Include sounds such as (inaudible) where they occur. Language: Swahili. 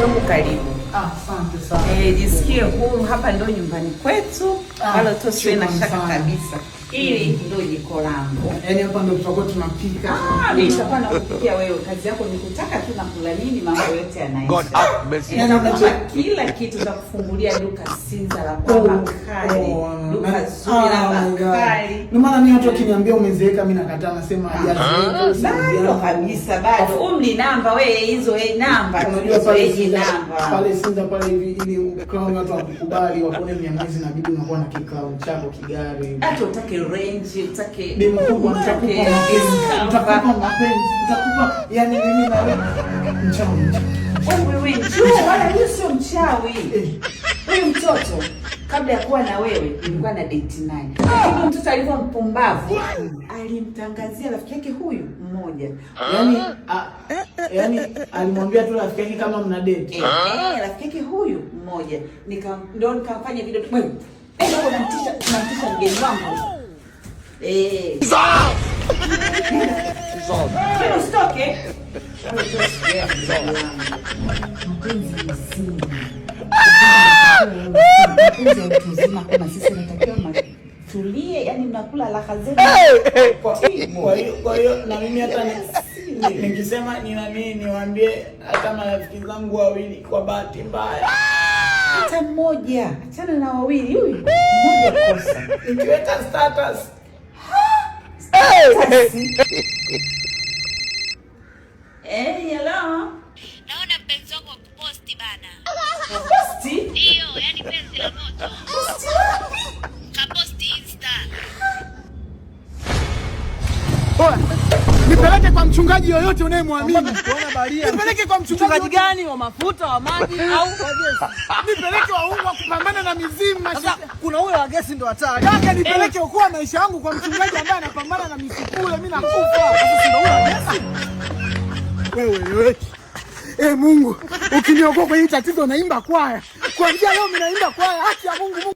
wangu karibu. Ah, asante sana. Eh, jisikie huru, hapa ndo nyumbani kwetu, ah, wala tu sio na shaka kabisa. Hili mm. ndio jiko langu. Yaani hapa ndio tutakuwa tunapika. Ah, mm. nitakuwa nakupikia wewe. Kazi yako ni kutaka tu na kula nini, mambo yote yanaisha. Ah, yaani kila kitu za kufungulia duka Sinza la kwa oh, Kale. Oh, duka zuri la Baba ndio maana mimi watu wakiniambia umezeeka, mimi nakataa, nasema ah. bado kabisa, bado umri namba wewe, hizo eh namba unajua pale eh, Sinda pale pale hivi, ili crown watu wakukubali wakuone miamizi, na bibi unakuwa na kicrown chako kigari, hata utake range, utake demu kubwa, nitakupa nitakupa mapenzi, utakupa yani mimi na wewe mchawi, oh, wewe wewe, wala hiyo sio mchawi huyu eh. mtoto kabla ya kuwa na wewe nilikuwa na date naye. Huyu ah! mtoto alikuwa mpumbavu, alimtangazia rafiki yake huyu mmoja, ah! yaani eh, eh, eh, yaani alimwambia tu rafiki yake kama mna date ah! eh, rafiki yake huyu mmoja, nika ndio nikafanya video tu wewe, eh, unamtisha unamtisha mgeni wangu eh, usitoke utu uzima tulie, yani mnakula raha zenu. Kwa hiyo na mimi hata nikisema ni nani, niwaambie hata marafiki zangu wawili, kwa bahati mbaya hata mmoja, achana na wawili, huyu mmoja kosa, nikiweka status eh, hello, naona mpenzi wangu akuposti bana, posti Nipeleke kwa mchungaji yoyote unayemwamini. Nipeleke kwa mchungaji gani wa mafuta, wa maji au wa gesi? Nipeleke wa ungu kupambana na mizimu. Sasa kuna huyo wa gesi ndo hatari. Kaka nipeleke eh. ukua maisha yangu kwa mchungaji ambaye anapambana na misukule, mimi nakufa. (laughs) Wewe wewe. Hey, eh, Mungu ukiniokoa kwenye tatizo naimba kwaya. Kuanzia leo naimba kwaya haki ya Mungu, Mungu.